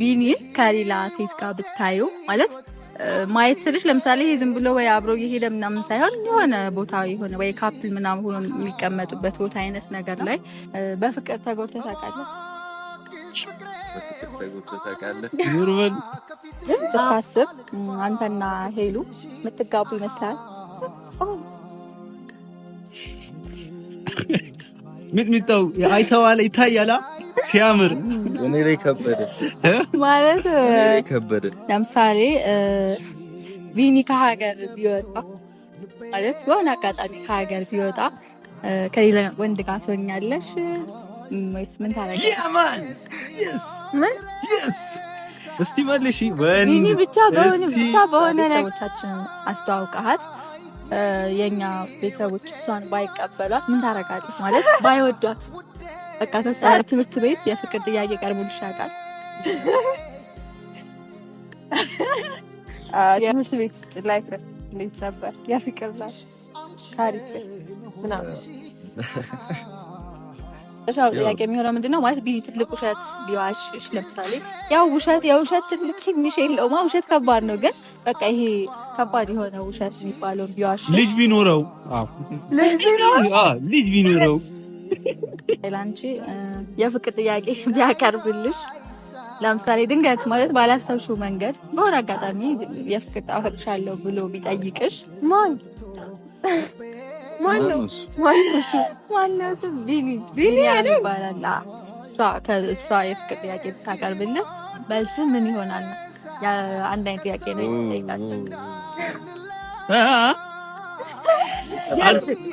ቢኒ ከሌላ ሴት ጋር ብታዩ ማለት ማየት ስልሽ ለምሳሌ ዝም ብሎ ወይ አብሮ የሄደ ምናምን ሳይሆን የሆነ ቦታ የሆነ ወይ ካፕል ምናምን ሆኖ የሚቀመጡበት ቦታ አይነት ነገር ላይ በፍቅር ተጎድተህ ታውቃለህ? ስታስብ አንተና ሄሉ የምትጋቡ ይመስላል። ሚጥሚጣው አይተዋለ ይታያላ ሲያምር እኔ ላይ ከበደ ማለት ከበደ። ለምሳሌ ቪኒ ከሀገር ቢወጣ ማለት በሆነ አጋጣሚ ከሀገር ቢወጣ ከሌላ ወንድ ጋር ትሆኛለሽ ወይስ ምን ታደርጊያለሽ? እስቲ መልሽ። ቪኒ ብቻ በሆነ ነገር ሰዎቻችን አስተዋውቀሃት የእኛ ቤተሰቦች እሷን ባይቀበሏት ምን ታረጋለች? ማለት ባይወዷት፣ በቃ ከእሷ ትምህርት ቤት የፍቅር ጥያቄ ቀርቦልሽ ያውቃል? ትምህርት ቤት ውስጥ ላይ እንዴት ነበር የፍቅር ላይ ታሪክ ምናምን መጨረሻው ጥያቄ የሚሆነው ምንድነው ማለት ቢኒ ትልቅ ውሸት ሊዋሽሽ ለምሳሌ ያው ውሸት የውሸት ትልቅ ትንሽ የለውማ ውሸት ከባድ ነው ግን በቃ ይሄ ከባድ የሆነ ውሸት የሚባለው ቢዋሽ ልጅ ቢኖረው ልጅ ቢኖረው ላንቺ የፍቅር ጥያቄ ቢያቀርብልሽ ለምሳሌ ድንገት ማለት ባላሰብሽው መንገድ በሆነ አጋጣሚ የፍቅር አፈቅሻለሁ ብሎ ቢጠይቅሽ ማን ማነው ዋናው ከእሷ የፍቅር ጥያቄ ብታቀርብልን መልስ ምን ይሆናል? አንድ አይነት ጥያቄ ነው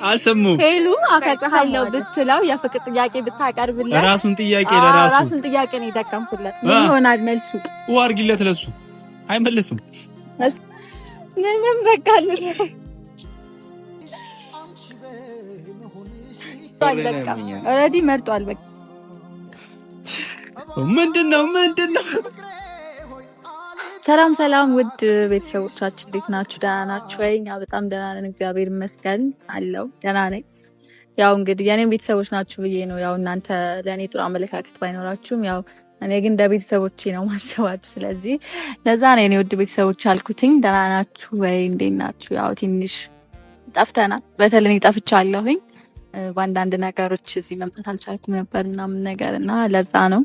አልሰሙም። ሄሉ አፈቅርሃለሁ ብትለው የፍቅር ጥያቄ ብታቀርብለት ራሱን ጥያቄ ለራሱ ጥያቄ ነው ምን ይሆናል መልሱ? አድርጊለት ለሱ አይመልስም ምንም በቃ በቃ ኦልሬዲ መርጧል። በቃ ምንድን ነው ምንድን ነው? ሰላም ሰላም፣ ውድ ቤተሰቦቻችን እንዴት ናችሁ? ደህና ናችሁ ወይ? እኛ በጣም ደህና ነን፣ እግዚአብሔር ይመስገን አለው። ደህና ነኝ። ያው እንግዲህ የእኔም ቤተሰቦች ናችሁ ብዬ ነው። ያው እናንተ ለእኔ ጥሩ አመለካከት ባይኖራችሁም ያው እኔ ግን እንደ ቤተሰቦቼ ነው ማሰባችሁ። ስለዚህ ለዛ ነው የኔ ውድ ቤተሰቦች አልኩትኝ። ደህና ናችሁ ወይ? እንዴት ናችሁ? ያው ትንሽ ጠፍተናል፣ በተለይ ጠፍቻለሁኝ በአንዳንድ ነገሮች እዚህ መምጣት አልቻልኩም ነበር ምናምን ነገር እና ለዛ ነው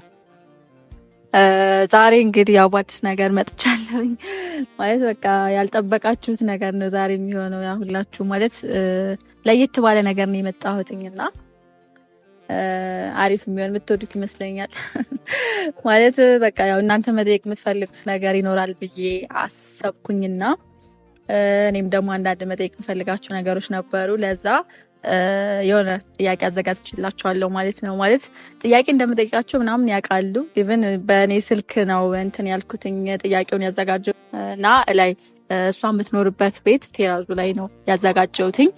ዛሬ እንግዲህ ያው በአዲስ ነገር መጥቻለሁኝ። ማለት በቃ ያልጠበቃችሁት ነገር ነው ዛሬ የሚሆነው። ያ ሁላችሁ ማለት ለየት ባለ ነገር ነው እና አሪፍ የሚሆን የምትወዱት ይመስለኛል። ማለት በቃ ያው እናንተ መጠየቅ የምትፈልጉት ነገር ይኖራል ብዬ አሰብኩኝና እኔም ደግሞ አንዳንድ መጠየቅ የምፈልጋቸው ነገሮች ነበሩ። ለዛ የሆነ ጥያቄ አዘጋጅችላቸዋለሁ ማለት ነው። ማለት ጥያቄ እንደምጠይቃቸው ምናምን ያውቃሉ። ኢቨን በእኔ ስልክ ነው እንትን ያልኩትኝ ጥያቄውን ያዘጋጀ እና ላይ እሷ የምትኖርበት ቤት ቴራዙ ላይ ነው ያዘጋጀውትኝ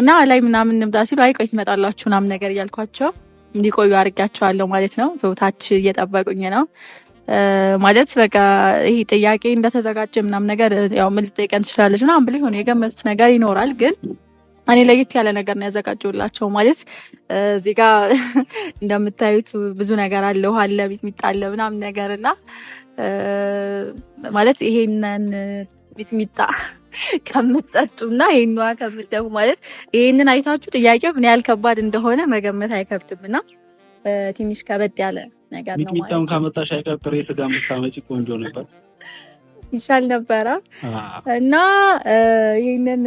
እና ላይ ምናምን እንምጣ ሲሉ አይ ቆይ ትመጣላችሁ ምናምን ነገር እያልኳቸው እንዲቆዩ አድርጊያቸዋለሁ ማለት ነው። ታች እየጠበቁኝ ነው ማለት በቃ ይህ ጥያቄ እንደተዘጋጀ ምናምን ነገር ያው ምን ልጠይቀን ትችላለች ምናምን ብለው የሆነ የገመቱት ነገር ይኖራል ግን እኔ ለየት ያለ ነገር ነው ያዘጋጀውላቸው። ማለት እዚህ ጋ እንደምታዩት ብዙ ነገር አለ፣ ውሃ አለ፣ ሚጥሚጣ አለ ምናምን ነገር እና ማለት ይሄንን ሚጥሚጣ ከምትጠጡና ይህን ውሃ ከምትደፉ ማለት ይሄንን አይታችሁ ጥያቄው ምን ያህል ከባድ እንደሆነ መገመት አይከብድም እና ትንሽ ከበድ ያለ ነገር ነው። ሚጥሚጣውን ካመጣሽ አይቀር ጥሬ ስጋ የምታመጪ ቆንጆ ነበር። ይሻል ነበረ እና ይህንን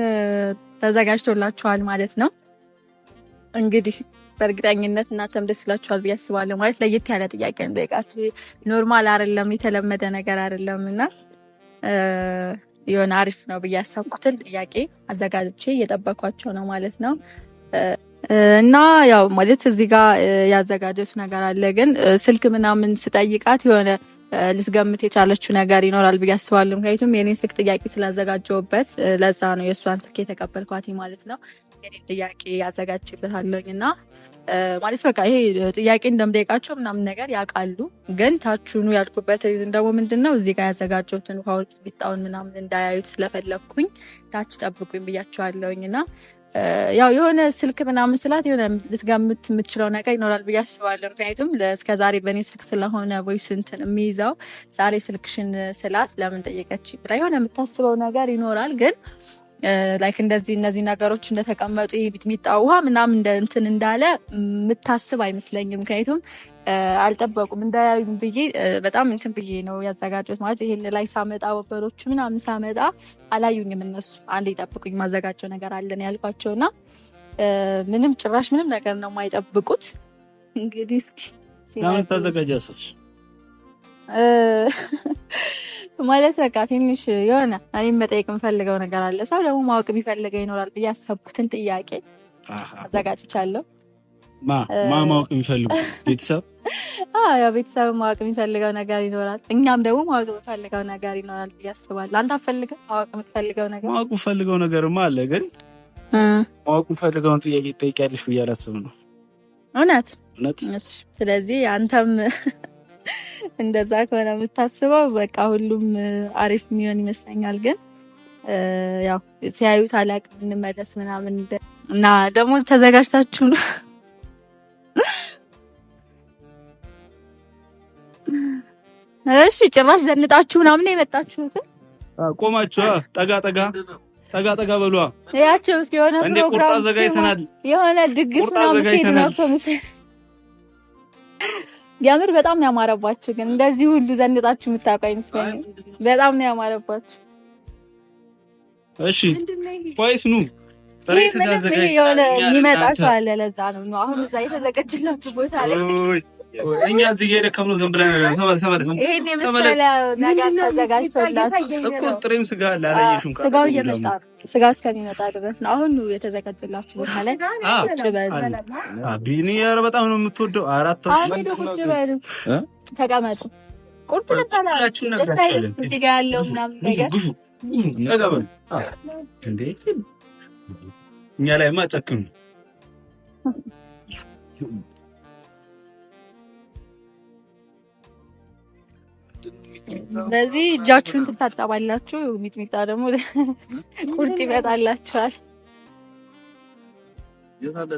ተዘጋጅቶላችኋል ማለት ነው። እንግዲህ በእርግጠኝነት እናንተም ደስ ይላችኋል ብዬ አስባለሁ። ማለት ለየት ያለ ጥያቄ ነው ኖርማል አይደለም፣ የተለመደ ነገር አይደለም እና የሆነ አሪፍ ነው ብዬ ያሰብኩትን ጥያቄ አዘጋጅቼ እየጠበኳቸው ነው ማለት ነው። እና ያው ማለት እዚህ ጋር ያዘጋጀት ነገር አለ፣ ግን ስልክ ምናምን ስጠይቃት የሆነ ልትገምት የቻለችው ነገር ይኖራል ብዬ አስባለሁ። ምክንያቱም የኔን ስልክ ጥያቄ ስላዘጋጀውበት ለዛ ነው የእሷን ስልክ የተቀበልኳት ማለት ነው። የኔን ጥያቄ ያዘጋጅበታለኝ እና ማለት በቃ ይሄ ጥያቄ እንደምጠይቃቸው ምናምን ነገር ያውቃሉ። ግን ታችኑ ያልኩበት ሪዝን ደግሞ ምንድን ነው እዚህ ጋር ያዘጋጀሁትን ውሃውን ቢጣውን ምናምን እንዳያዩት ስለፈለግኩኝ ታች ጠብቁኝ ብያቸዋለውኝ እና ያው የሆነ ስልክ ምናምን ስላት የሆነ ልትገምት የምትችለው ነገር ይኖራል ብዬ አስባለሁ። ምክንያቱም እስከ ዛሬ በእኔ ስልክ ስለሆነ ቮይስ እንትን የሚይዘው ዛሬ ስልክሽን ስላት ለምን ጠየቀች ብላ የሆነ የምታስበው ነገር ይኖራል። ግን ላይክ እንደዚህ እነዚህ ነገሮች እንደተቀመጡ ሚጣ ውሃ ምናምን እንትን እንዳለ የምታስብ አይመስለኝም። ምክንያቱም አልጠበቁም። እንዳያዩም ብዬ በጣም እንትን ብዬ ነው ያዘጋጀሁት። ማለት ይሄን ላይ ሳመጣ ወንበሮች ምናምን ሳመጣ አላዩኝም እነሱ። አንድ ይጠብቁኝ ማዘጋጀው ነገር አለን ያልኳቸው እና ምንም ጭራሽ ምንም ነገር ነው የማይጠብቁት። እንግዲህ እስኪ ሁን ማለት በቃ ትንሽ የሆነ እኔም መጠየቅ የምፈልገው ነገር አለ። ሰው ደግሞ ማወቅ የሚፈልገው ይኖራል ብዬ ያሰብኩትን ጥያቄ አዘጋጅቻለሁ። ማማወቅ የሚፈልጉ ቤተሰብ ያው ቤተሰብ ማወቅ የሚፈልገው ነገር ይኖራል። እኛም ደግሞ ማወቅ የምፈልገው ነገር ይኖራል ያስባል። አንተ አፈልገው ማወቅ የምትፈልገው ነገር ማወቅ የምፈልገው ነገርማ አለ፣ ግን ማወቅ የምፈልገውን ጥያቄ ትጠይቂያለሽ ብዬ አላስብም ነው እውነት እውነት። ስለዚህ አንተም እንደዛ ከሆነ የምታስበው በቃ ሁሉም አሪፍ የሚሆን ይመስለኛል። ግን ያው ሲያዩት አላቅም እንመለስ ምናምን እና ደግሞ ተዘጋጅታችሁ ነው እሺ ጭራሽ ዘንጣችሁ ምናምን ነው የመጣችሁት? ቆማችሁ ጠጋ ጠጋ ጠጋ ጠጋ በሏ። ያቸው እስኪ የሆነ ፕሮግራም አዘጋጅተናል፣ የሆነ ድግስ ምናምን ከሄድ ነው እኮ መሰለኝ። የምር በጣም ነው ያማረባችሁ፣ ግን እንደዚህ ሁሉ ዘንጣችሁ የምታውቁ አይመስለኝም። በጣም ነው ያማረባችሁ። እሺ ቆይስ ኑ የሆነ የሚመጣ ሰው አለ፣ ለዛ ነው አሁን እዛ የተዘጋጀላችሁ ቦታ ላይ እኛ እዚህ እየደከምነው ዝም ብለን ይሄን የመሰለ ነገር ተዘጋጅቶላችሁ እኮ ጥሬም ስጋ አለ ስጋው እየመጣ ነው። ስጋው እስከሚመጣ ድረስ ነው። አሁን የተዘጋጀላችሁ ቦታ ላይ ቁጭ በል ቢኒ። ኧረ በጣም ነው የምትወደው። አራት ቁጭ በሉ፣ ተቀመጡ። ቁርጥ ልበላችሁ ደስ ያለው ምናምን ነገር እኛ ላይ ማ ጨክም በዚህ እጃችሁን ትታጠባላችሁ፣ ሚጥሚጣ ደግሞ ቁርጥ ይመጣላችኋል። እየመጣ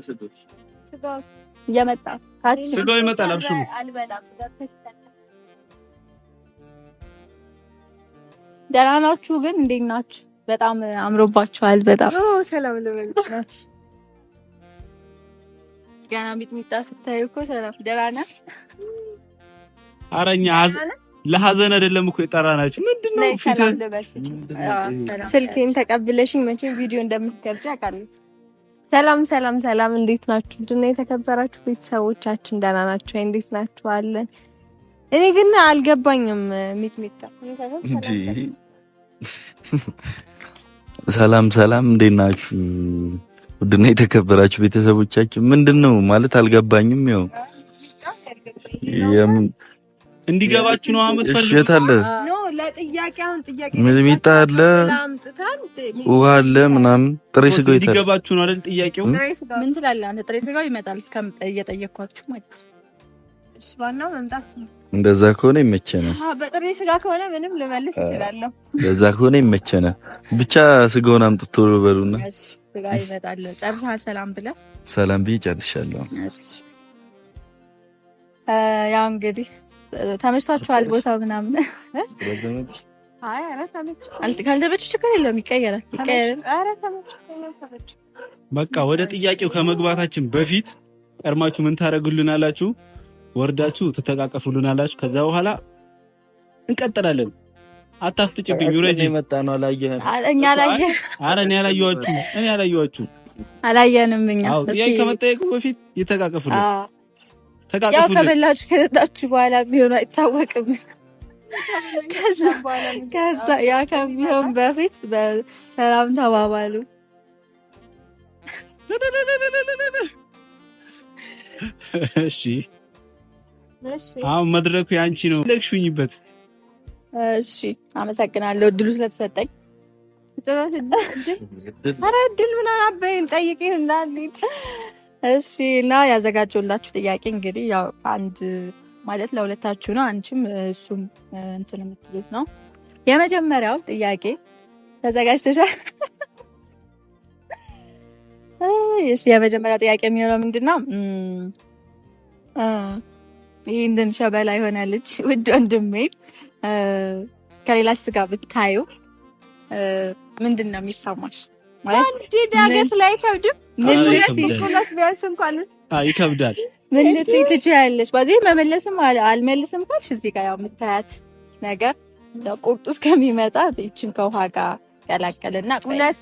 ስጋ ይመጣል። አብሽሙ ደህና ናችሁ? ግን እንዴት ናችሁ? በጣም አምሮባችኋል። በጣም ሰላም ልበልናት። ገና ሚጥሚጣ ስታዩ እኮ ሰላም ደህና ናት። አረኛ ለሀዘን አይደለም እኮ የጠራ ምንድነው ስልኬን ተቀብለሽኝ መቼም ቪዲዮ እንደምትቀርጭ አውቃለሁ። ሰላም ሰላም ሰላም፣ እንዴት ናችሁ? ድና የተከበራችሁ ቤተሰቦቻችን ደህና ናችሁ? እንዴት ናችሁ? አለን። እኔ ግን አልገባኝም። ሚጥሚጣ ሰላም ሰላም፣ እንዴት ናችሁ? ውድና የተከበራችሁ ቤተሰቦቻችን ምንድን ነው ማለት አልገባኝም። ያው እንዲገባችሁ ነው የምትፈልጉት? የት አለ ሚጥሚጣ አለ ውሃ አለ ምናምን ጥሬ ስጋ እንዲገባችሁ ነው አይደል? ጥያቄው ምን ትላለህ አንተ? ጥሬ ስጋው ይመጣል እየጠየኳችሁ ማለት ነው። ዋናው መምጣት ነው። እንደዛ ከሆነ ይመቸናል። በጥሬ ስጋ ከሆነ ምንም ልመልስ እችላለሁ። እንደዛ ከሆነ ይመቸነ። ብቻ ስጋውን አምጥቶ በሉና ስጋ ይመጣል። ጨርሰሃል? ሰላም ብለህ ሰላም ብዬ ጨርሻለሁ። ያው እንግዲህ ተመችቷቸዋል ቦታው ምናምን። ካልተመቸሽ ችግር የለውም ይቀየራል። በቃ ወደ ጥያቄው ከመግባታችን በፊት ቀድማችሁ ምን ታደርጉልናላችሁ? ወርዳችሁ ትተቃቀፉልናላችሁ። ከዛ በኋላ እንቀጥላለን። አታስጥጭብኝ ውረጅ። መጣ ነው አላየህም? እኔ አላየኋችሁም። እኔ አላየኋችሁም። አላየንም። እኛ ጥያቄ ከመጠየቁ በፊት ይተቃቀፉልን። ያው ከበላችሁ ከጠጣችሁ በኋላ የሚሆን አይታወቅም። ከዛ ያ ከሚሆን በፊት በሰላም ተባባሉ። እሺ አሁን መድረኩ የአንቺ ነው። ለግሹኝበት። እሺ አመሰግናለሁ እድሉ ስለተሰጠኝ። ኧረ እድል ምናምን አበይን ጠይቅን እንዳልሄድ እሺ እና ያዘጋጀሁላችሁ ጥያቄ እንግዲህ ያው አንድ ማለት ለሁለታችሁ ነው። አንቺም እሱም እንትን የምትሉት ነው። የመጀመሪያው ጥያቄ ተዘጋጅተሻል? የመጀመሪያው ጥያቄ የሚሆነው ምንድን ነው? ይህንን ሸበላ የሆነ ልጅ ውድ ወንድሜ ከሌላ ስጋ ብታዩ ምንድን ነው የሚሰማሽ? ማለት ዳገት ላይ ከብድም ምንነት ቢያንስ እንኳን ይከብዳል። ምን ልትይ ትችያለሽ? በዚህ መመለስም አልመልስም ካልሽ እዚህ ጋር ያው የምታያት ነገር ቁርጡ እስከሚመጣ ይችን ከውሃ ጋር ቀላቀልና ሁለት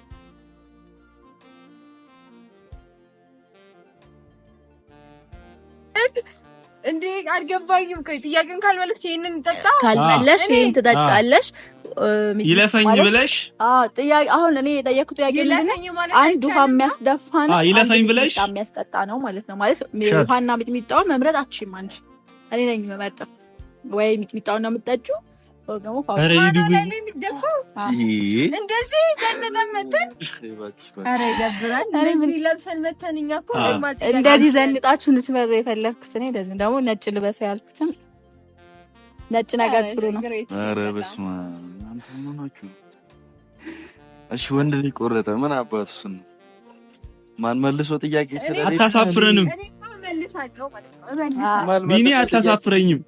እንዴ አልገባኝም። ቆይ ጥያቄን ካልመለስ ይህንን ጠጣ ካልመለሽ ይህን ትጠጫለሽ ይለፈኝ ብለሽ ጥያቄ አሁን እኔ የጠየቅኩት ጥያቄ አንድ ውሃ የሚያስደፋ ነው፣ ይለፈኝ ብለሽ የሚያስጠጣ ነው ማለት ነው። ማለት ውሃና ሚጥሚጣውን መምረጥ አትችይም አንቺ። እኔ ነኝ የምመርጠው፣ ወይ ሚጥሚጣውን ነው የምጠጪው ወይ ደግሞ እንደዚህ ዘንጠን እንደዚህ ዘንጣችሁ እንድትመጡ የፈለግኩት እኔ ደግሞ ነጭ ልበሰው ያልኩትም ነጭ ነገር ጥሩ ነው። እናንተ ምን ሆናችሁ እሺ ወንድ ልጅ ቆረጠ ምን አባቱ ስን ማን መልሶ ጥያቄ ስለሌለ አታሳፍረንም። ቢኒ አታሳፍረኝም።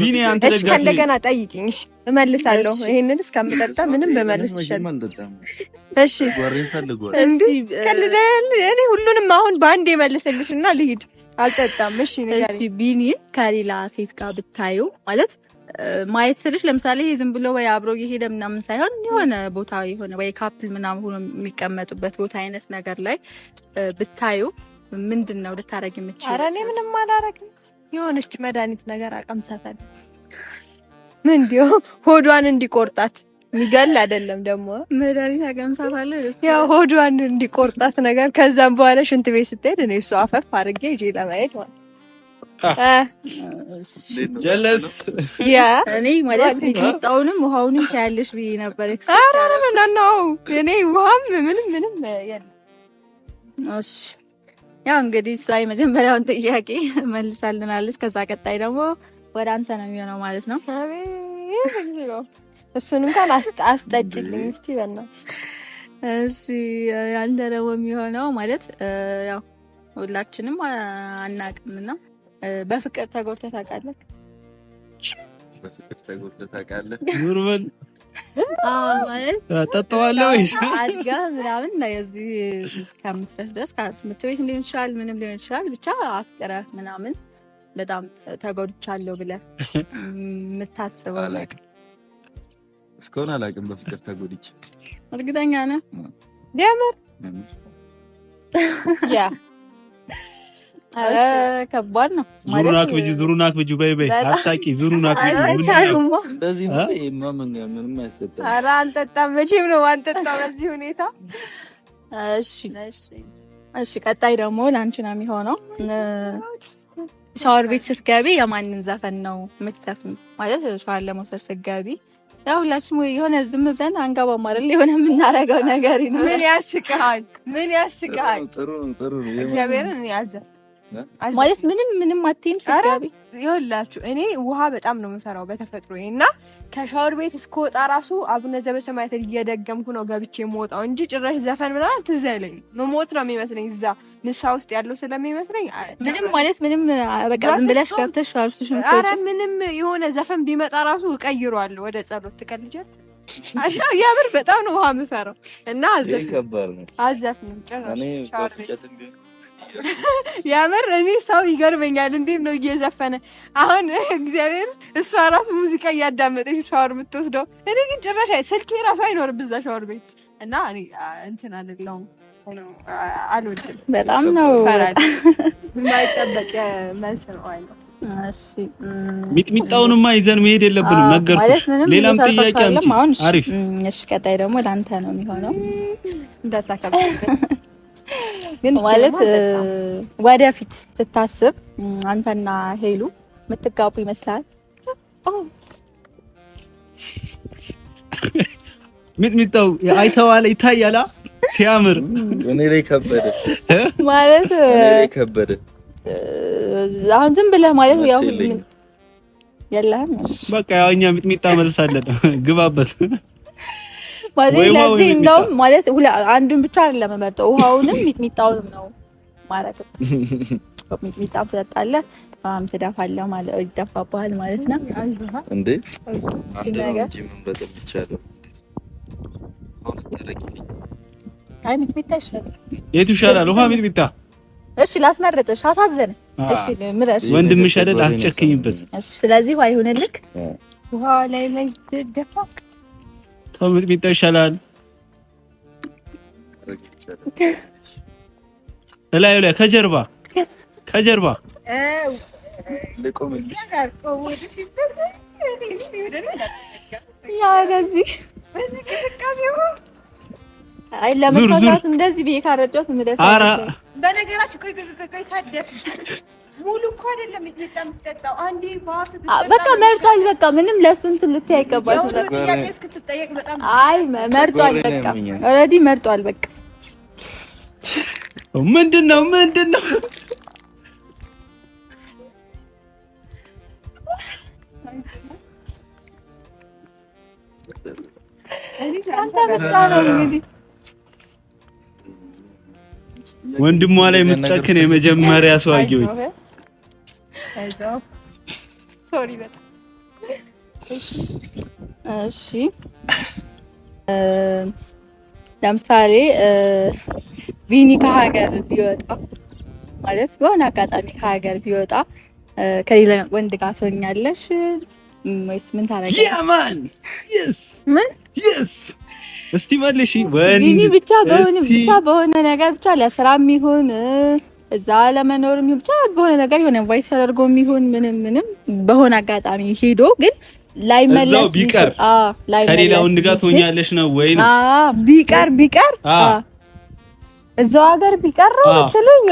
ቢኒ አንተ ደጋፊ እሺ፣ ከእንደገና ጠይቅኝ። እሺ እመልሳለሁ። ይሄንን እስከምጠጣ ምንም በመልስ ይችላል። እሺ እንዴ ከልደል እኔ ሁሉንም አሁን በአንድ የመልስልሽና ልሂድ። አልጠጣም። እሺ እሺ ቢኒ ከሌላ ሴት ጋር ብታዩ ማለት ማየት ስልሽ ለምሳሌ ዝም ብሎ ወይ አብሮ የሄደ ምናምን ሳይሆን የሆነ ቦታ የሆነ ወይ ካፕል ምናምን ሆኖ የሚቀመጡበት ቦታ አይነት ነገር ላይ ብታዩ ምንድን ነው ልታረግ የምችል? ኧረ እኔ ምንም አላረግም። የሆነች መድኃኒት ነገር አቀምሳታል። ምን ዲዮ ሆዷን እንዲቆርጣት ሚገል አይደለም ደግሞ መድኃኒት አቀምሳታል። ያው ሆዷን እንዲቆርጣት ነገር ከዛም በኋላ ሽንት ቤት ስትሄድ እኔ እሱ አፈፍ አድርጌ ይዤ ለማየት ማለት እኔ ማለት የሚጠጣውንም ውሃውንም ታያለሽ ብዬ ነበር። እኔ ውሃም ምንም ምንም የለም። ያው እንግዲህ እሷ የመጀመሪያውን ጥያቄ መልሳልናለች። ከዛ ቀጣይ ደግሞ ወደ አንተ ነው የሚሆነው ማለት ነው። እሱን እንኳን አስጠጭልኝ በእናትሽ። እሺ ደግሞ የሚሆነው ማለት ያው ሁላችንም አናቅምና በፍቅር ተጎድተህ ታውቃለህ? በፍቅር ተጎድተህ ታውቃለህ? ኖርማል ጠጠዋለህ አድጋ ምናምን የዚህ እስከምትረስ ድረስ ትምህርት ቤት ሊሆን ይችላል፣ ምንም ሊሆን ይችላል። ብቻ አፍቅረህ ምናምን በጣም ተጎድቻለሁ ብለህ የምታስበው ነገር እስከሆነ አላውቅም። በፍቅር ተጎድቼ እርግጠኛ ነህ? ያ ከባድ ነው። ዙሩን አክብጂ፣ ዙሩን አክብጂ፣ በይ በይ፣ ዙሩን አክብጂ። ኧረ አንጠጣም መቼም ነው አንጠጣ በዚህ ሁኔታ። እሺ እሺ፣ ቀጣይ ደግሞ ለአንቺ ነው የሚሆነው። ሻወር ቤት ስትገቢ የማንን ዘፈን ነው የምትዘፍን? ማለት ሻወር ለመውሰድ ስትገቢ ያው ሁላችንም የሆነ ዝም ብለን አንጋባ ማረል የሆነ የምናረገው ነገር ነው። ምን ያስቅሃል? ምን ያስቅሃል? እግዚአብሔርን ያዘ ማለት ምንም ምንም አትይም ስትገቢ። ይኸውላችሁ እኔ ውሃ በጣም ነው የምፈራው በተፈጥሮ እና ከሻወር ቤት እስከወጣ ራሱ አቡነ ዘበሰማያትን እየደገምኩ ነው ገብቼ የምወጣው እንጂ ጭራሽ ዘፈን ምናምን ትዝ አይለኝ። መሞት ነው የሚመስለኝ እዛ ንሳ ውስጥ ያለው ስለሚመስለኝ ምንም ማለት ምንም በቃ ዝም ብለሽ ገብተሽ አርሱሽ ኧረ ምንም የሆነ ዘፈን ቢመጣ ራሱ እቀይረዋለሁ ወደ ጸሎት ትቀልጃል የምር በጣም ነው ውሃ የምፈራው እና አዘፍ አዘፍ ነው ጭራሽ የምር እኔ ሰው ይገርመኛል። እንዴት ነው እየዘፈነ አሁን እግዚአብሔር እሷ ራሱ ሙዚቃ እያዳመጠች ሻወር የምትወስደው። እኔ ግን ጭራሽ ስልኬ ራሱ አይኖርም ብዛ ሻወር ቤት እና እንትን አይደለሁም አልወድም። በጣም ነው የማይጠበቅ መልስ ነው። ሚጥሚጣውንማ ይዘን መሄድ የለብንም። ነገርኩሽ። ሌላም ጥያቄ አምጪ። አሪፍ። እሺ፣ ቀጣይ ደግሞ ለአንተ ነው የሚሆነው። እንዳታከብ ግን ማለት ወደፊት ስታስብ አንተና ሄሉ የምትጋቡ ይመስላል። ሚጥሚጣው አይተዋል፣ ይታያላ ሲያምር እኔ ላይ ከበደ ማለት ከበደ። አሁን ዝም ብለህ ማለት ያው የለህም። በቃ ያው እኛ ሚጥሚጣ መልስ አለን፣ ግባበት ማለት ለዚህ እንደውም ማለት አንዱን ብቻ አይደለም መርጠው ውሃውንም ሚጥሚጣውንም ነው ማለት ሚጥሚጣም ትጠጣለህ በጣም ትደፋለህ ማለት ይደፋብሃል ማለት ነው እንዴ አይ ሚጥሚጣ ይሻላል የቱ ይሻላል ውሃ ሚጥሚጣ እሺ ላስመርጥሽ አሳዘነ እሺ ምረሽ ወንድምሽ አይደል አስጨክኝበት ስለዚህ ውሃ ይሁንልክ ውሃ ላይ ላይ ደፋ Somit bitti şalan. እላዩ ላይ ከጀርባ ከጀርባ እንደዚህ ብዬ ካረጫት ምደስ ሙሉ እኮ አይደለም የምትጠጣው። አንዴ ባፍ በቃ መርጧል። በቃ ምንም ለሱ እንትን ልትይ አይ መርጧል። በቃ ኦልሬዲ መርጧል። በቃ ምንድን ነው ምንድን ነው ወንድሟ ላይ የምትጨክን የመጀመሪያ ሰዋጊዎች ሶሪ በጣም እሺ። ለምሳሌ ቪኒ ከሀገር ቢወጣ ማለት በሆነ አጋጣሚ ከሀገር ቢወጣ ከሌላ ወንድ ጋር ትሆኛለሽ ወይስ ምን ታደርጊያለሽ? እስቲ መልሺ። ቪኒ ብቻ በሆነ ነገር ብቻ ለስራም ይሁን እዛ ለመኖር ይሁን ብቻ በሆነ ነገር የሆነ ቫይስ ተደርጎ የሚሆን ምንም ምንም በሆነ አጋጣሚ ሄዶ ግን ላይመለስ ቢቀር ከሌላ ወንድ ጋር ትሆኛለሽ ነው ወይ ነው ቢቀር ቢቀር እዛው ሀገር ቢቀር ነው የምትሉኝ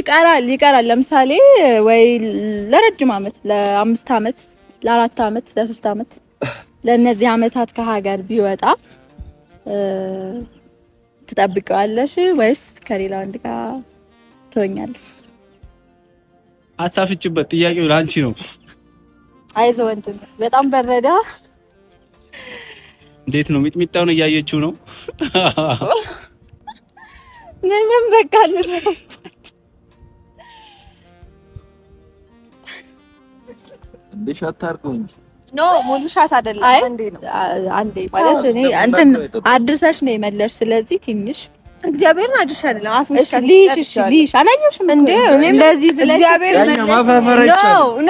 ይቀራል? ይቀራል። ለምሳሌ ወይ ለረጅም አመት ለአምስት አመት ለአራት አመት ለሶስት አመት ለእነዚህ አመታት ከሀገር ቢወጣ ትጠብቀዋለሽ ወይስ ከሌላ ወንድ ጋር ትሆኛለሽ። አታፍችበት ጥያቄው ለአንቺ ነው። አይዞህ ወንድም፣ በጣም በረዳ። እንዴት ነው ሚጥሚጣውን እያየችው ነው? ምንም በቃ ኖ ሙሉ ሻት አይደለም። አንዴ አንዴ ማለት እኔ እንትን አድርሰሽ ነው የመለሽ። ስለዚህ ትንሽ እግዚአብሔርን አድርሽ አይደለም እንዴ? እኔም ለዚህ ብለሽ እግዚአብሔር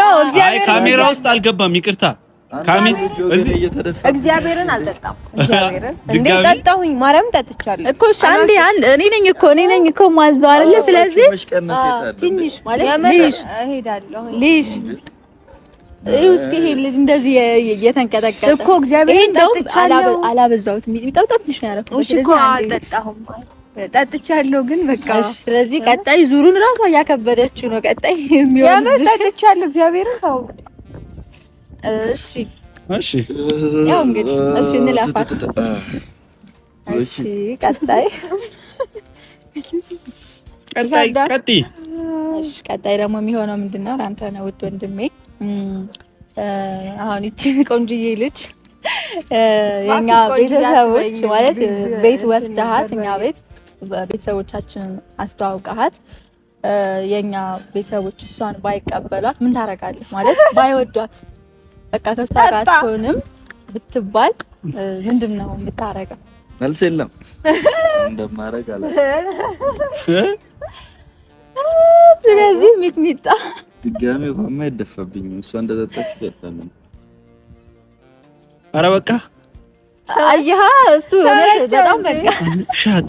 ነው እግዚአብሔር ካሜራ ውስጥ አልገባም። ይቅርታ እግዚአብሔርን አልጠጣም። እግዚአብሔርን እንዴ ጠጣሁኝ፣ ማርያም ጠጥቻለሁ እኮ እሺ። አንዴ አንድ እኔ ነኝ እኮ እኔ ነኝ እኮ ማዘው አይደለ? ስለዚህ ትንሽ ማለት እሄዳለሁ ልጅ እንደዚህ እኮ ነው እኮ አልጠጣሁም። ጠጥቻለሁ ግን በቃ ስለዚህ ቀጣይ ዙሩን ራሷ እያከበደችው ነው። ቀጣይ የሚሆን ጠጥቻለሁ እግዚአብሔር እሺ እሺ፣ ያው እንግዲህ እሺ እንላፋት። እሺ ቀጣይ ቀጣይ ደግሞ የሚሆነው ምንድን ነው? ለአንተ ነው ውድ ወንድሜ። አሁን ቆንጅዬ ልጅ የኛ ቤተሰቦች ማለት ቤት ወስደሃት እኛ ቤት ቤተሰቦቻችንን አስተዋውቃሃት የእኛ ቤተሰቦች እሷን ባይቀበሏት ምን ታደርጋለህ? ማለት ባይወዷት በቃ ከእሷ ጋር አትሆንም ብትባል ምንድን ነው የምታደርገው? መልስ የለም እንደማደርግ አላ ስለዚህ ሚጥሚጣ ድጋሚ ውሃማ አይደፋብኝም። እሷ እንደጠጣች ይጠጣለን። አረ በቃ አየሃ እሱ በጣም በቃ ሻት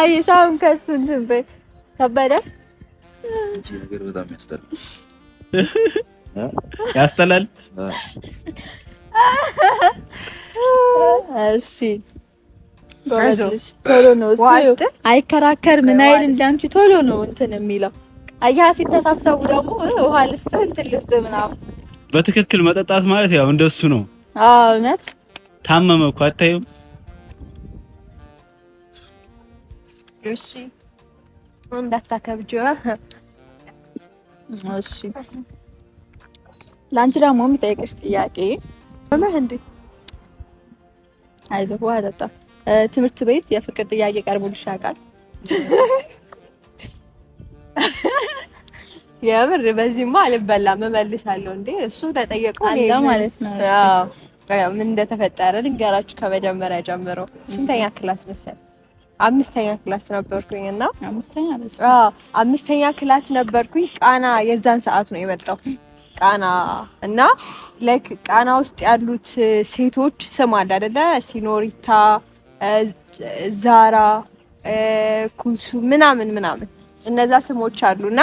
አይሻም ከሱ እንትን በይ ከበደ ነገር በጣም ያስጠላል ያስጠላል። እሺ ቶሎ ነው አይከራከር ምን አይል እንዳንቺ ቶሎ ነው እንትን የሚለው አየሃ ሲተሳሰቡ ደግሞ ውሃ ልስጥህ እንትን ልስጥህ ምናምን በትክክል መጠጣት ማለት ያው እንደሱ ነው። አዎ እውነት ታመመ እኮ አታዩም? እሺ እንዳታከብጂዋ። እሺ ለአንቺ ደግሞ የሚጠይቅሽ ጥያቄ ሆነህ እንዴ? አይዞህ ውሃ ጠጣ። ትምህርት ቤት የፍቅር ጥያቄ ቀርቦልሽ ያውቃል? የምር በዚህማ አልበላም እመልሳለሁ። እንዴ እሱ ተጠየቀው ማለት ነው። ምን እንደተፈጠረ ልንገራችሁ። ከመጀመሪያ ጀምሮ ስንተኛ ክላስ መሰል አምስተኛ ክላስ ነበርኩኝ እና አምስተኛ ክላስ ነበርኩኝ። ቃና የዛን ሰዓት ነው የመጣው ቃና እና ላይክ ቃና ውስጥ ያሉት ሴቶች ስም አለ አይደለ? ሲኖሪታ፣ ዛራ፣ ኩንሱ ምናምን ምናምን እነዛ ስሞች አሉና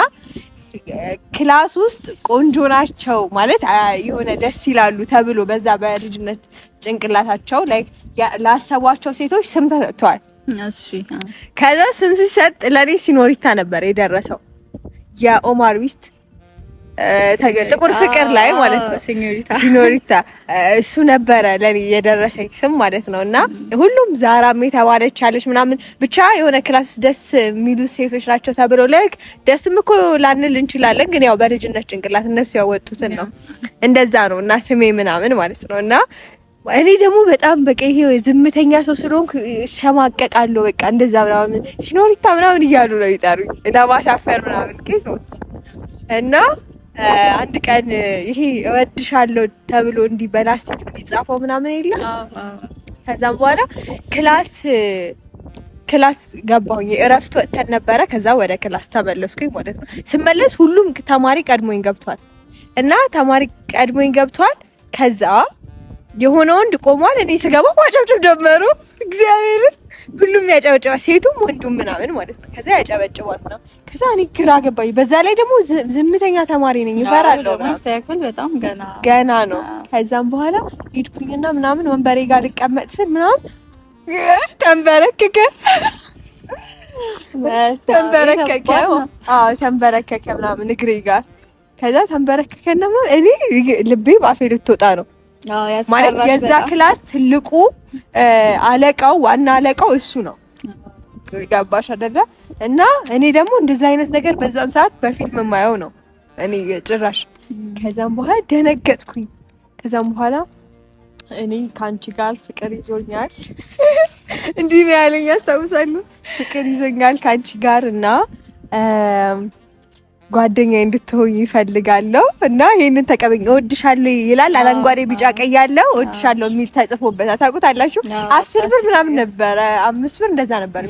ክላስ ውስጥ ቆንጆ ናቸው ማለት የሆነ ደስ ይላሉ ተብሎ በዛ በልጅነት ጭንቅላታቸው ላሰቧቸው ሴቶች ስም ተሰጥተዋል። ከዛ ስም ሲሰጥ ለእኔ ሲኖሪታ ነበር የደረሰው የኦማር ሚስት ጥቁር ፍቅር ላይ ማለት ነው ሲኖሪታ እሱ ነበረ ለኔ የደረሰኝ ስም ማለት ነው። እና ሁሉም ዛራም የተባለች አለች ምናምን ብቻ የሆነ ክላስ ውስጥ ደስ የሚሉ ሴቶች ናቸው ተብሎ ልክ ደስም እኮ ላንል እንችላለን፣ ግን ያው በልጅነት ጭንቅላት እነሱ ያወጡትን ነው እንደዛ ነው። እና ስሜ ምናምን ማለት ነው እና እኔ ደግሞ በጣም በቃ ይሄ ዝምተኛ ሰው ስለሆንኩ ሸማቀቃለሁ። በቃ እንደዛ ምናምን ሲኖሪታ ምናምን እያሉ ነው ይጠሩኝ እና ማሳፈር ምናምን እና አንድ ቀን ይሄ እወድሻለሁ ተብሎ እንዲህ በላስቲክ የሚጻፈው ምናምን የለም። ከዛም በኋላ ክላስ ክላስ ገባሁኝ። እረፍት ወጥተን ነበረ። ከዛ ወደ ክላስ ተመለስኩኝ ማለት ነው። ስመለስ ሁሉም ተማሪ ቀድሞኝ ገብቷል እና ተማሪ ቀድሞኝ ገብቷል ከዛ የሆነ ወንድ ቆሟል። እኔ ስገባ ማጨብጨብ ጀመሩ። እግዚአብሔርን ሁሉም ያጨበጭባል፣ ሴቱም ወንዱም ምናምን ማለት ነው። ከዛ ያጨበጭባል ምናምን። ከዛ እኔ ግራ ገባኝ። በዛ ላይ ደግሞ ዝምተኛ ተማሪ ነኝ፣ እፈራለሁ። በጣም ገና ነው። ከዛም በኋላ ሄድኩኝና ምናምን ወንበሬ ጋር ልቀመጥ ስል ምናምን ተንበረክከ ተንበረከከ ተንበረከከ ምናምን እግሬ ጋር ከዛ ተንበረከከና እኔ ልቤ በአፌ ልትወጣ ነው ማለት የዛ ክላስ ትልቁ አለቃው ዋና አለቃው እሱ ነው። ገባሽ አደለ? እና እኔ ደግሞ እንደዛ አይነት ነገር በዛን ሰዓት በፊልም የማየው ነው እኔ ጭራሽ። ከዛም በኋላ ደነገጥኩኝ። ከዛም በኋላ እኔ ከአንቺ ጋር ፍቅር ይዞኛል እንዲህ ነው ያለኝ፣ ያስታውሳሉ። ፍቅር ይዞኛል ከአንቺ ጋር እና ጓደኛ እንድትሆኝ ይፈልጋለሁ እና ይህንን ተቀበኝ እወድሻለሁ ይላል። አረንጓዴ ቢጫ ቀይ ያለው እወድሻለሁ የሚል ተጽፎበታል። ታውቁታላችሁ። አስር ብር ምናምን ነበረ፣ አምስት ብር እንደዛ ነበር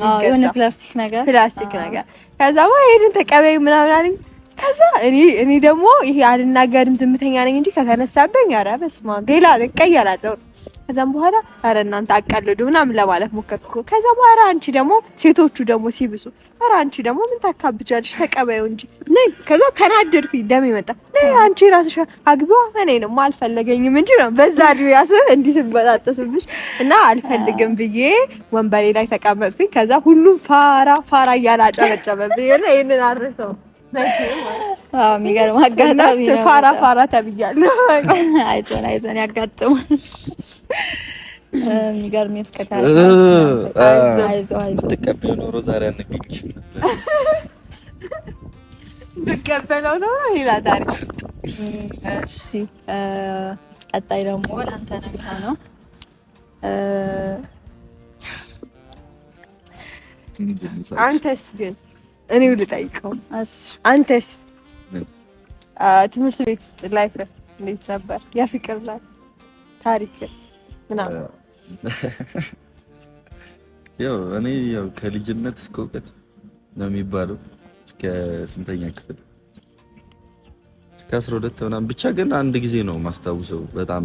ፕላስቲክ ነገር ፕላስቲክ ነገር። ከዛማ ይህንን ተቀበኝ ምናምን አለኝ። ከዛ እኔ እኔ ደግሞ ይሄ አልናገርም ዝምተኛ ነኝ እንጂ ከተነሳበኝ ኧረ በስመ አብ ሌላ ቀይ አላለው ከዛም በኋላ አረ እናንተ አቀልዱ ምናምን ለማለት ሞከርኩ። ከዛ በኋላ አንቺ ደግሞ ሴቶቹ ደግሞ ሲብሱ፣ አረ አንቺ ደግሞ ምን ታካብጃለሽ? ተቀበዩ እንጂ ነይ። ከዛ ተናደድኩኝ፣ ደም ይመጣ። ነይ አንቺ ራስሽ አግቢዋ። እኔ ነው አልፈለገኝም እንጂ ነው በዛ ድያስ እንዲህ ስበጣጠስብሽ እና አልፈልግም ብዬ ወንበሬ ላይ ተቀመጥኩኝ። ከዛ ሁሉም ፋራ ፋራ እያለ አጨበጨበ አጨበጨበብኝ። ይህንን አድርሰው የሚገርም አጋጣሚ ፋራ ፋራ ተብያለሁ። አይዞን አይዞን ያጋጥማል። የሚገርም የፍቅር ብትቀበለው ኖሮ ዛሬ አንገኝም ነበር። ብትቀበለው ኖሮ ሌላ ታሪክ ውስጥ። እሺ፣ ቀጣይ ደግሞ ለአንተ ነካ ነው። አንተስ ግን እኔው ልጠይቀው። አንተስ ትምህርት ቤት ውስጥ ላይፍ እንዴት ነበር? የፍቅር ላይ ታሪክ ያው እኔ ያው ከልጅነት እስከ እውቀት ነው የሚባለው እስከ ስንተኛ ክፍል እስከ አስራ ሁለት ምናምን ብቻ። ግን አንድ ጊዜ ነው ማስታውሰው በጣም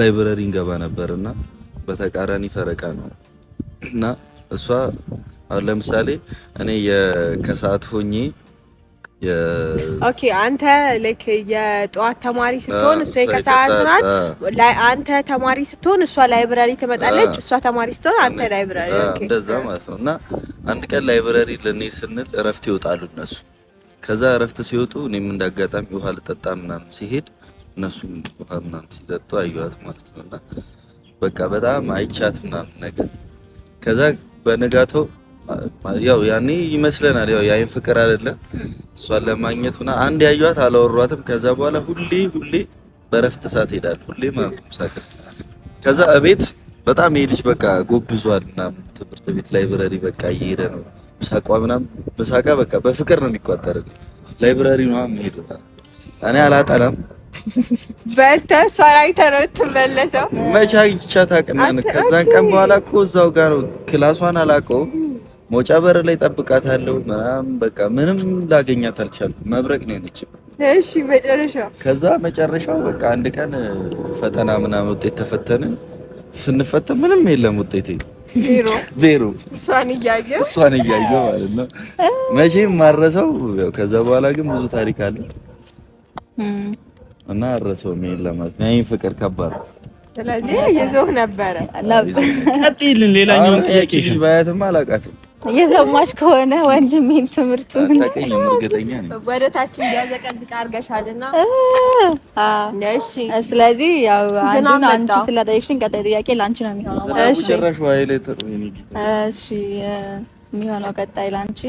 ላይብረሪ እንገባ ነበር እና በተቃራኒ ፈረቃ ነው እና እሷ ለምሳሌ እኔ ከሰዓት ሆኜ ኦኬ አንተ ልክ የጠዋት ተማሪ ስትሆን እሷ የከሰዓት ናት። አንተ ተማሪ ስትሆን እሷ ላይብራሪ ትመጣለች። እሷ ተማሪ ስትሆን አንተ ላይብራሪ። ኦኬ እንደዛ ማለት ነው። እና አንድ ቀን ላይብራሪ ልንሄድ ስንል እረፍት ይወጣሉ እነሱ። ከዛ እረፍት ሲወጡ እኔም እንዳጋጣሚ ውሃ ልጠጣ ምናምን ሲሄድ እነሱም ውሃ ምናምን ሲጠጡ አየኋት ማለት ነው። እና በቃ በጣም አይቻት ምናምን ነገር ከዛ በንጋታው ያው ያኔ ይመስለናል። ያው የአይን ፍቅር አይደለ እሷን ለማግኘት ሆና አንድ ያዩት አላወሯትም። ከዛ በኋላ ሁሌ ሁሌ በረፍት ሰዓት ሄዳል። ሁሌ ማለት ነው ሳቅ። ከዛ እቤት በጣም የልጅ በቃ ጎብዟል ምናምን ትምህርት ቤት ላይብረሪ በቃ እየሄደ ነው ምሳቋ ምናምን ምሳቃ በቃ በፍቅር ነው የሚቋጠር። ላይብረሪ ነው የሚሄዱ እኔ አላጠላም። በልተ ሷራይተ ነው የምትመለሰው። መቻ ይቻታቅናን ከዛን ቀን በኋላ እኮ እዛው ጋር ነው ክላሷን አላውቀውም መውጫ በር ላይ ጠብቃታለሁ ምናምን በቃ ምንም ላገኛት አልቻልኩም። መብረቅ ነው የሆነች። እሺ መጨረሻ ከዛ መጨረሻው በቃ አንድ ቀን ፈተና ምናምን ውጤት ተፈተንን። ስንፈተን ምንም የለም ውጤቴ ዜሮ ዜሮ። እሷን እያየሁ እሷን እያየሁ ማለት ነው መቼም ማረሰው። ከዛ በኋላ ግን ብዙ ታሪክ አለ እና አረሰው ምን ለማለት ነው ይሄን ፍቅር ከባድ ስለዚህ ይዞህ ነበረ። ቀጥይልን። ሌላኛውን ጥያቄ ባያትም አላውቃትም እየሰማሽ ከሆነ ወንድሜን ትምህርቱ ወደ ታች እንዲያዘቀዝቅ ስለዚህ አንዱን አንቺ ስለጠየቅሽኝ ቀጣይ ጥያቄ ለአንቺ ነው የሚሆነው። እሺ የሚሆነው ቀጣይ ለአንቺ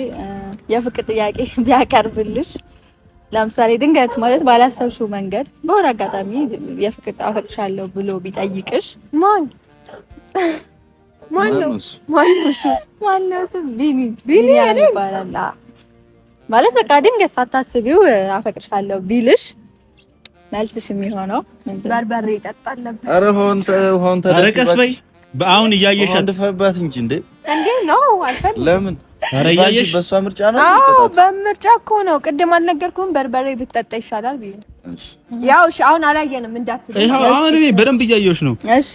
የፍቅር ጥያቄ ቢያቀርብልሽ ለምሳሌ ድንገት ማለት ባላሰብሽው መንገድ በሆነ አጋጣሚ የፍቅር አፈቅሻለሁ ብሎ ቢጠይቅሽ ማን ማለት በቃ ድንገት ሳታስቢው አፈቅርሻለሁ ቢልሽ መልስሽ የሚሆነው በርበሬ ይጠጣል ነበር። እንጂ እንዴ እንዴ ነው ለምን በእሷ ምርጫ ነው። አዎ በምርጫ እኮ ነው። ቅድም አልነገርኩም በርበሬ ብትጠጣ ይሻላል ያው እሺ፣ አሁን አላየንም እንዳትል። አሁን እኔ በደንብ እያየሁሽ ነው። እሺ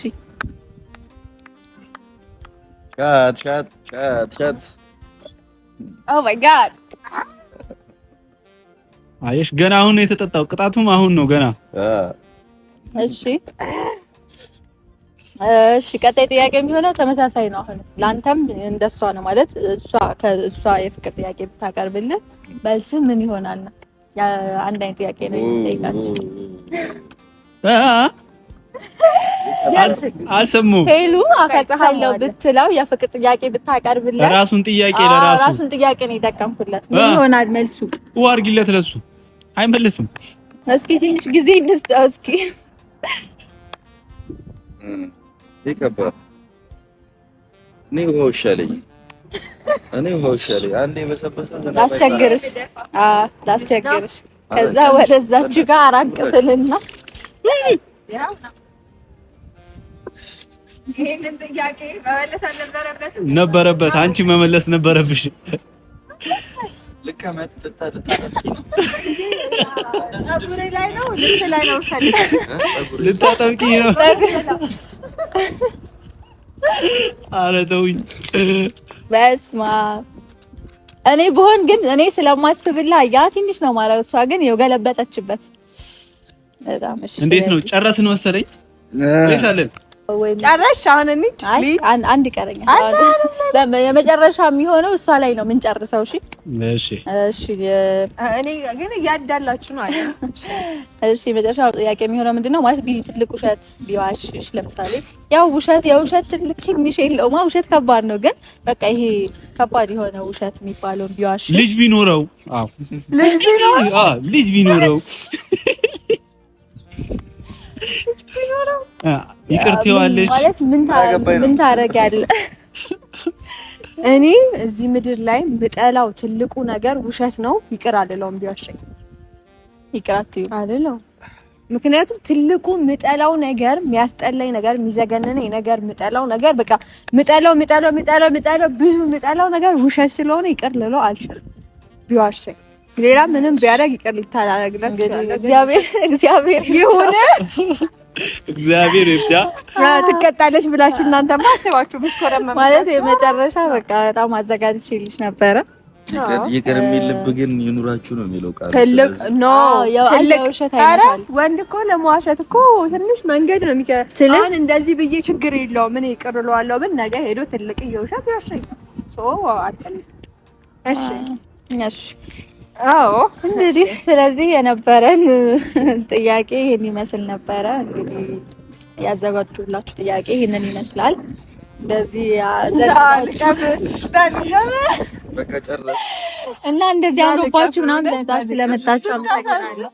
Cat, cat, cat, cat. Oh my god. አየሽ ገና አሁን ነው የተጠጣው። ቅጣቱም አሁን ነው ገና። እሺ እሺ፣ ቀጣይ ጥያቄ የሚሆነው ተመሳሳይ ነው። አሁን ለአንተም እንደሷ ነው ማለት እሷ ከእሷ የፍቅር ጥያቄ ብታቀርብልን መልስ ምን ይሆናል? አንድ አይነት ጥያቄ ነው የሚጠይቃቸው አልሰሙም። ሄሉ አፈቅርሃለሁ ብትለው የፍቅር ጥያቄ ብታቀርብለት ራሱን ጥያቄ ለራሱ ራሱን ጥያቄ ነው የጠቀምኩለት። ምን ይሆናል መልሱ? ው ለሱ አይመልስም። እስኪ ትንሽ ጊዜ እንስጠው። እስኪ ይከባድ። እኔ ውሃው ይሻለኛል። እኔ ውሃው ይሻለኛል። አንዴ በሰበሰ ላስቸግርሽ፣ ላስቸግርሽ። ከዛ ወደዛችሁ ጋር አራቅትልና ይሄንን ጥያቄ መመለስ አልነበረበትም ነበረበት። አንቺ መመለስ ነበረብሽ። ልቀመጥ ልታጠብቂ ነው? ኧረ ተውኝ። በስመ አብ እኔ ብሆን ግን እኔ ስለማስብላ ያ ትንሽ ነው ማለት እሷ ግን ይኸው ገለበጠችበት። እንዴት ነው ጨረስን መሰለኝ። ጨረሽ? አሁን እንሂድ። አንድ ይቀረኛል። የመጨረሻ የሚሆነው እሷ ላይ ነው የምንጨርሰው። እሺ፣ እሺ፣ እሺ። እኔ ግን እያዳላችሁ ነው አይደል? እሺ፣ የመጨረሻ ጥያቄ የሚሆነው ምንድነው ማለት ቢኒ ትልቅ ውሸት እሺ፣ ለምሳሌ ያው ውሸት የውሸት ትልቅ ትንሽ የለውማ፣ ውሸት ከባድ ነው። ግን በቃ ይሄ ከባድ የሆነ ውሸት የሚባለው ቢዋሽ ልጅ ቢኖረው፣ አዎ ልጅ ቢኖረው ይቅር ትይዋለሽ ማለት ምን ታደርጊያለሽ? እኔ እዚህ ምድር ላይ ብጠላው ትልቁ ነገር ውሸት ነው። ይቅር አልለውም ቢዋሸኝ ይቅር አትይውም ምክንያቱም ትልቁ ምጠላው ነገር የሚያስጠላኝ ነገር የሚዘገንነኝ ነገር ምጠላው ነገር በቃ ምጠላው ምጠላው ምጠላው ምጠላው ብዙ ምጠላው ነገር ውሸት ስለሆነ ይቅር ልለው አልችልም ቢዋሸኝ ሌላ ምንም ቢያደርግ ይቅር ልታላረግበት እግዚአብሔር እግዚአብሔር ይሁን እግዚአብሔር ይብዳ። ትቀጣለች ብላችሁ እናንተ ማስባችሁ ምስኮረመ ማለት የመጨረሻ በቃ በጣም አዘጋጅ ሲልሽ ነበረ። ይቅር የሚል ልብ ግን ይኑራችሁ ነው የሚለው ቃል። ትልቅ ኖ ትልቅ ኧረ ወንድ እኮ ለመዋሸት እኮ ትንሽ መንገድ ነው የሚቀር። አሁን እንደዚህ ብዬ ችግር የለውም ምን ይቅር እለዋለሁ ብን ነገ ሄዶ ትልቅ እየውሸት ያሸኝ ሶ አልቀልም። እሺ እሺ አዎ እንግዲህ ስለዚህ የነበረን ጥያቄ ይህን ይመስል ነበረ። እንግዲህ ያዘጋጁላችሁ ጥያቄ ይህንን ይመስላል። እንደዚህ እና እንደዚህ አምሮባችሁ ምናምን ስለመጣችሁ አመሰግናለሁ።